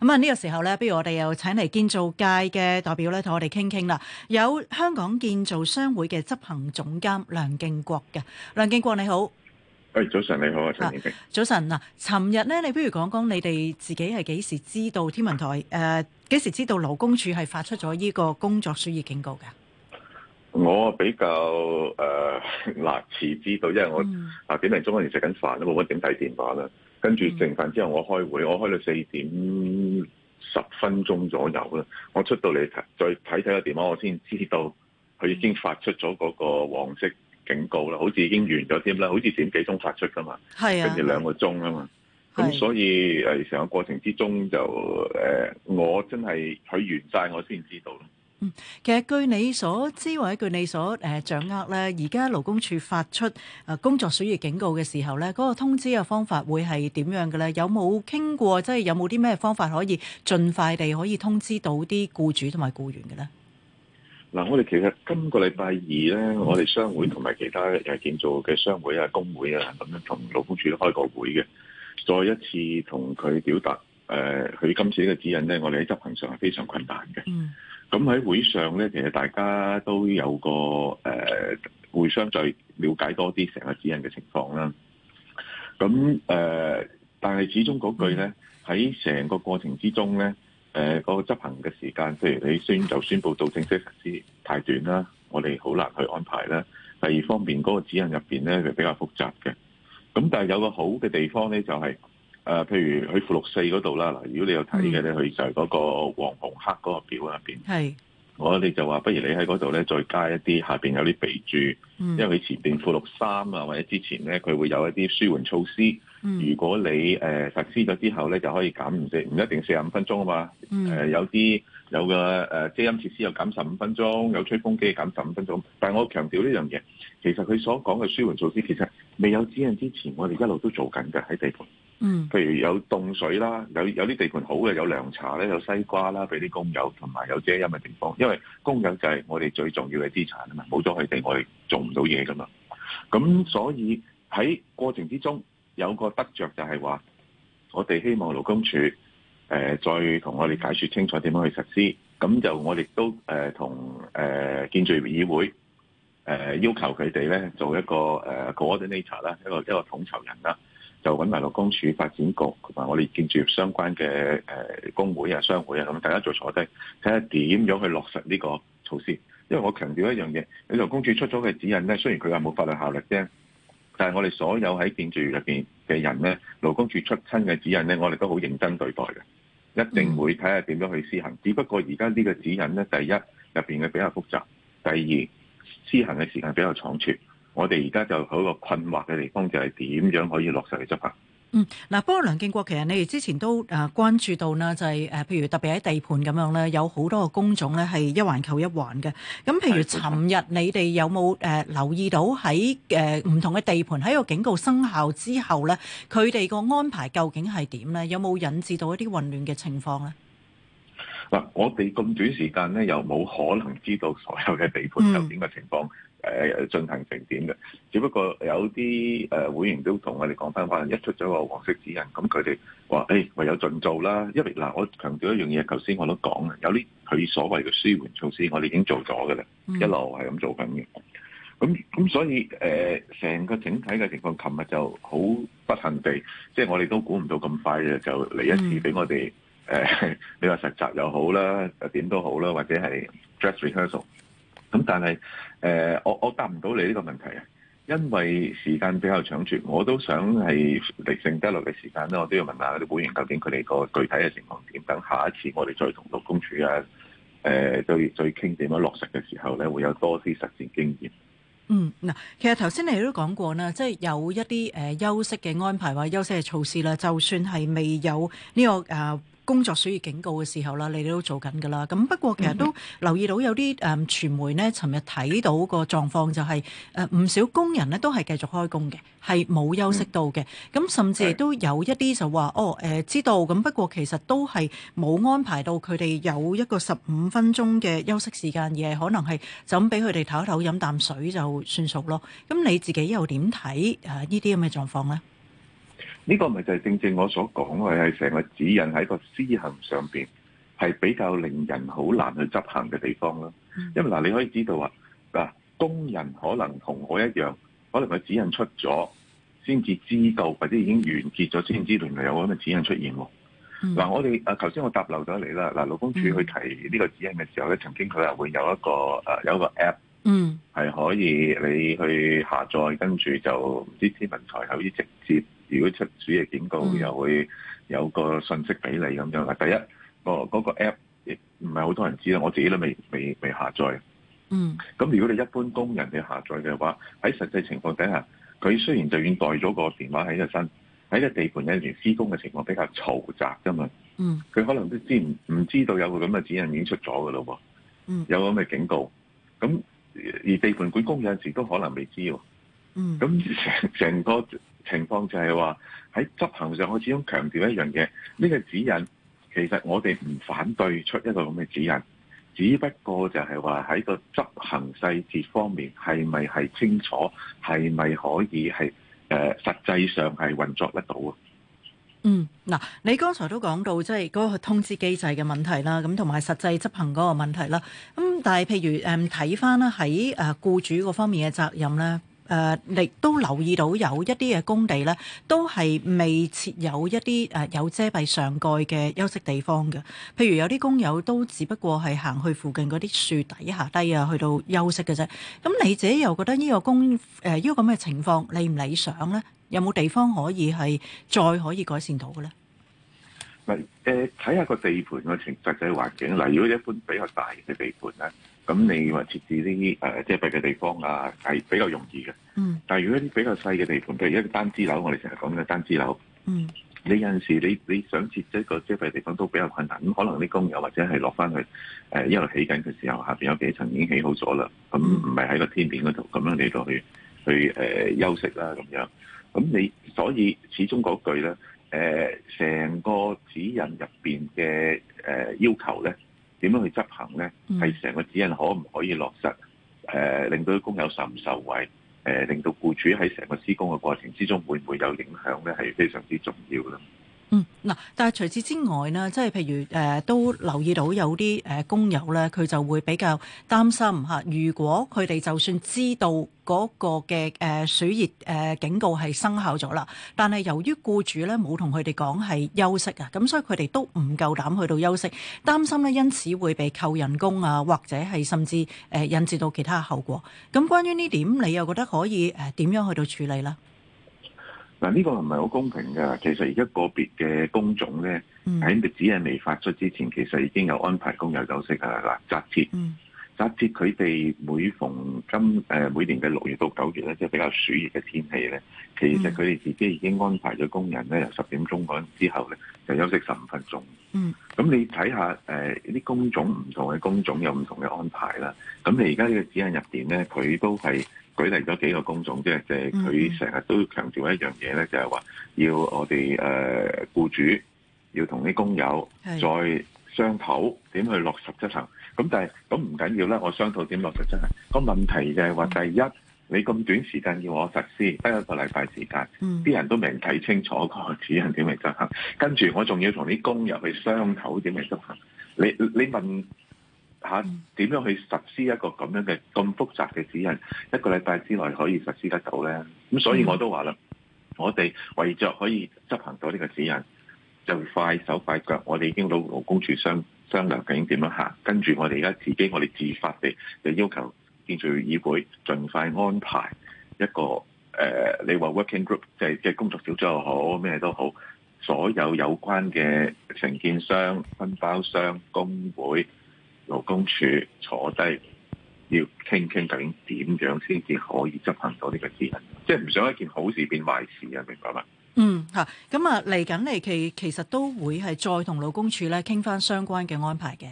咁啊，呢個時候咧，不如我哋又請嚟建造界嘅代表咧，同我哋傾傾啦。有香港建造商會嘅執行總監梁敬國嘅，梁敬國你好。誒，hey, 早晨，你好啊，陳燕早晨嗱。尋日咧，你不如講講你哋自己係幾時知道天文台誒，幾、呃、時知道勞工處係發出咗呢個工作暑熱警告嘅？我比較誒，嗱、呃，遲知道，因為我啊幾零鐘嗰陣食緊飯，都冇乜點睇電話啦。嗯、跟住食完飯之後，我開會，我開到四點十分鐘左右啦。我出到嚟再睇睇個電話，我先知道佢已經發出咗嗰個黃色警告啦。好似已經完咗添啦，好似點幾鐘發出㗎嘛？係啊，跟住兩個鐘啊嘛。咁所以誒成個過程之中就誒是、呃，我真係佢完晒，我先知道。嗯，其實據你所知或者據你所誒掌握咧，而家勞工處發出誒工作暑熱警告嘅時候咧，嗰、那個通知嘅方法會係點樣嘅咧？有冇傾過即係、就是、有冇啲咩方法可以盡快地可以通知到啲僱主同埋僱員嘅咧？嗱、嗯，我、嗯、哋、嗯、其實今個禮拜二咧，我哋商會同埋其他誒建造嘅商會啊、工會啊咁樣同勞工處開個會嘅，再一次同佢表達。誒佢今次嘅指引咧，我哋喺執行上係非常困難嘅。咁喺會上咧，其實大家都有個誒會、呃、相再了解多啲成個指引嘅情況啦。咁誒、呃，但係始終嗰句咧，喺成個過程之中咧，誒、呃、嗰、嗰個執行嘅時間，譬如你先就宣佈到正式實施太短啦，我哋好難去安排啦。第二方面嗰個指引入邊咧，就比較複雜嘅。咁但係有個好嘅地方咧，就係、是。誒、呃，譬如去附六四嗰度啦。嗱，如果你有睇嘅咧，佢、嗯、就係嗰個黃紅黑嗰個表入邊。係是我哋就話，不如你喺嗰度咧，再加一啲下邊有啲備註，嗯、因為佢前邊附六三啊，或者之前咧，佢會有一啲舒緩措施。嗯、如果你誒、呃、實施咗之後咧，就可以減唔四唔一定四十五分鐘啊嘛。誒、嗯呃、有啲有個誒遮音設施，又減十五分鐘；有吹風機減十五分鐘。但係我強調一樣嘢，其實佢所講嘅舒緩措施，其實未有指引之前，我哋一路都做緊㗎喺地盤。嗯，譬如有凍水啦，有有啲地盤好嘅，有涼茶咧，有西瓜啦，俾啲工友同埋有遮陰嘅地方，因為工友就係我哋最重要嘅資產啊嘛，冇咗佢哋我哋做唔到嘢噶嘛。咁所以喺過程之中有個得着就係話，我哋希望勞工處誒、呃、再同我哋解説清楚點樣去實施，咁就我哋都誒同誒建造業議會誒、呃、要求佢哋咧做一個誒 Coordinator 啦，一、呃、個一個統籌人啦，就揾埋勞工處發展局同埋我哋建築業相關嘅誒工會啊、商會啊，咁大家做坐低睇下點樣去落實呢個措施。因為我強調一樣嘢，你勞工處出咗嘅指引咧，雖然佢係冇法律效力啫，但係我哋所有喺建築業入邊嘅人咧，勞工處出親嘅指引咧，我哋都好認真對待嘅，一定會睇下點樣去施行。只不過而家呢個指引咧，第一入邊嘅比較複雜，第二施行嘅時間比較倉促。我哋而家就嗰個困惑嘅地方就係、是、點樣可以落實去執行？嗯，嗱，不過梁敬國，其實你哋之前都誒關注到啦，就係、是、誒，譬如特別喺地盤咁樣咧，有好多個工種咧係一環扣一環嘅，咁譬如尋日你哋有冇誒、呃、留意到喺誒唔同嘅地盤喺個警告生效之後咧，佢哋個安排究竟係點咧？有冇引致到一啲混亂嘅情況咧？嗱，我哋咁短時間咧，又冇可能知道所有嘅地盤有點嘅情況，誒、呃、進行成點嘅。只不過有啲誒會員都同我哋講翻，可能一出咗個黃色指引，咁佢哋話，誒、欸、唯有盡做啦。因為嗱，我強調一樣嘢，頭先我都講嘅，有啲佢所謂嘅舒緩措施，我哋已經做咗嘅啦，mm. 一路係咁做緊嘅。咁咁所以誒，成、呃、個整體嘅情況，琴日就好不幸地，即、就、係、是、我哋都估唔到咁快嘅，就嚟一次俾我哋。Mm. 誒、呃，你話實習又好啦，點都好啦，或者係 dress rehearsal，咁但係誒、呃，我我答唔到你呢個問題啊，因為時間比較搶絕，我都想係嚟，剩低落嘅時間咧，我都要問下嗰啲會員究竟佢哋個具體嘅情況點，等下一次我哋再同勞工處啊，誒、呃，再再傾點樣落實嘅時候咧，會有多啲實踐經驗。嗯，嗱，其實頭先你都講過啦，即、就、係、是、有一啲誒休息嘅安排，話休息嘅措施啦，就算係未有呢、這個誒。呃工作暑熱警告嘅時候啦，你哋都做緊噶啦。咁不過其實都留意到有啲誒、呃、傳媒呢，尋日睇到個狀況就係誒唔少工人呢都係繼續開工嘅，係冇休息到嘅。咁甚至都有一啲就話哦誒、呃、知道，咁不過其實都係冇安排到佢哋有一個十五分鐘嘅休息時間，而係可能係就咁俾佢哋唞一唞飲啖水就算數咯。咁你自己又點睇啊？呢啲咁嘅狀況呢？呢個咪就係正正我所講嘅，係成個指引喺個施行上邊，係比較令人好難去執行嘅地方咯。因為嗱，你可以知道啊，嗱工人可能同我一樣，可能個指引出咗先至知道，或者已經完結咗先知，原來有咁嘅指引出現喎。嗱、嗯，我哋啊，頭先我答漏咗你啦。嗱，勞工處去提呢個指引嘅時候咧，曾經佢啊會有一個誒、呃、有一個 app，嗯，係可以你去下載，跟住就唔知天文台有啲直接。如果出主嘅警告又會有個信息俾你咁樣，第一個嗰個 app 唔係好多人知啦，我自己都未未未下載。嗯，咁如果你一般工人去下載嘅話，喺實際情況底下，佢雖然就已經帶咗個電話喺個身，喺個地盤有陣時施工嘅情況比較嘈雜噶嘛。嗯，佢可能都知唔知道有個咁嘅指引已經出咗㗎咯喎。嗯，有咁嘅警告，咁而地盤管工有陣時都可能未知喎。嗯，咁成成個情況就係話喺執行上，我始終強調一樣嘢，呢個指引其實我哋唔反對出一個咁嘅指引，只不過就係話喺個執行細節方面係咪係清楚，係咪可以係誒、呃、實際上係運作得到啊？嗯，嗱，你剛才都講到即係嗰個通知機制嘅問題啦，咁同埋實際執行嗰個問題啦。咁但係譬如誒睇翻咧喺誒僱主嗰方面嘅責任咧。誒，你都留意到有一啲嘅工地咧，都係未設有一啲誒有遮蔽上蓋嘅休息地方嘅。譬如有啲工友都只不過係行去附近嗰啲樹底下低啊，去到休息嘅啫。咁你自己又覺得呢個工誒呢個咁嘅情況理唔理想咧？有冇地方可以係再可以改善到嘅咧？唔係誒，睇下個地盤嘅成實際環境嗱，如果一般比較大嘅地盤咧。咁你話設置呢啲誒遮蔽嘅地方啊，係比較容易嘅。嗯。但係如果啲比較細嘅地盤，譬如一個單支樓，我哋成日講嘅單支樓，嗯。你有陣時你你想設置一個遮蔽嘅地方都比較困難。咁可能啲工友或者係落翻去誒一路起緊嘅時候，下邊有幾層已經起好咗啦。咁唔係喺個天面嗰度，咁樣你都去去誒休息啦，咁樣。咁你所以始終嗰句咧，誒、呃、成個指引入邊嘅誒要求咧。點樣去執行呢？係成個指引可唔可以落實？呃，令到啲工友受唔受惠，呃，令到僱主喺成個施工嘅過程之中會唔會有影響呢？係非常之重要咯。嗯，嗱，但係除此之外咧，即係譬如誒、呃，都留意到有啲誒工友咧，佢就會比較擔心吓。如果佢哋就算知道嗰個嘅誒暑熱誒警告係生效咗啦，但係由於僱主咧冇同佢哋講係休息啊，咁所以佢哋都唔夠膽去到休息，擔心咧因此會被扣人工啊，或者係甚至誒、呃、引致到其他後果。咁關於呢點，你又覺得可以誒點、呃、樣去到處理呢？嗱，呢個唔係好公平嘅。其實而家個別嘅工種咧，喺令、嗯、指引未發出之前，其實已經有安排工友休息嘅啦。嗱，紮鐵。嗯假設佢哋每逢今誒、呃、每年嘅六月到九月咧，即係比較暑熱嘅天氣咧，其實佢哋自己已經安排咗工人咧，由十點鐘嗰陣之後咧，就休息十五分鐘。嗯，咁你睇下誒啲、呃、工種唔同嘅工種有唔同嘅安排啦。咁你而家呢個指引入邊咧，佢都係舉例咗幾個工種，即係即係佢成日都強調一樣嘢咧，就係、是、話要我哋誒、呃、僱主要同啲工友是再。商討點去落實執行，咁但係咁唔緊要咧。我商討點落實執行個問題就係話，第一你咁短時間要我實施，得一個禮拜時間，啲、嗯、人都未睇清楚個指引點嚟執行，跟住我仲要同啲工友去商討點嚟執行。你你問吓點樣去實施一個咁樣嘅咁複雜嘅指引，一個禮拜之內可以實施得到咧？咁所以我都話啦，嗯、我哋為着可以執行到呢個指引。就快手快腳，我哋已經到勞工處商商量究竟點樣行，跟住我哋而家自己，我哋自發地就要求建造議會盡快安排一個誒、呃，你話 working group，即係即係工作小組又好，咩都好，所有有關嘅承建商、分包商、工會、勞工處坐低要傾傾，究竟點樣先至可以執行到呢個事，即係唔想一件好事變壞事啊！明白嘛？嗯吓，咁啊嚟緊嚟期其實都會係再同勞工處咧傾翻相關嘅安排嘅。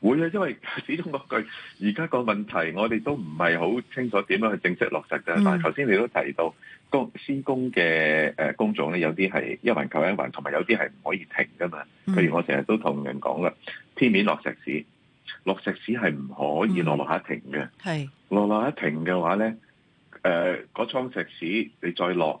會啊，因為始終嗰句，而家個問題我哋都唔係好清楚點樣去正式落實嘅。嗯、但係頭先你都提到，工施工嘅誒工種咧，有啲係一環扣一環，同埋有啲係唔可以停噶嘛。譬、嗯、如我成日都同人講啦，天面落石屎，落石屎係唔可以落落下停嘅。係、嗯、落落下停嘅話咧，誒、呃，嗰倉石屎你再落。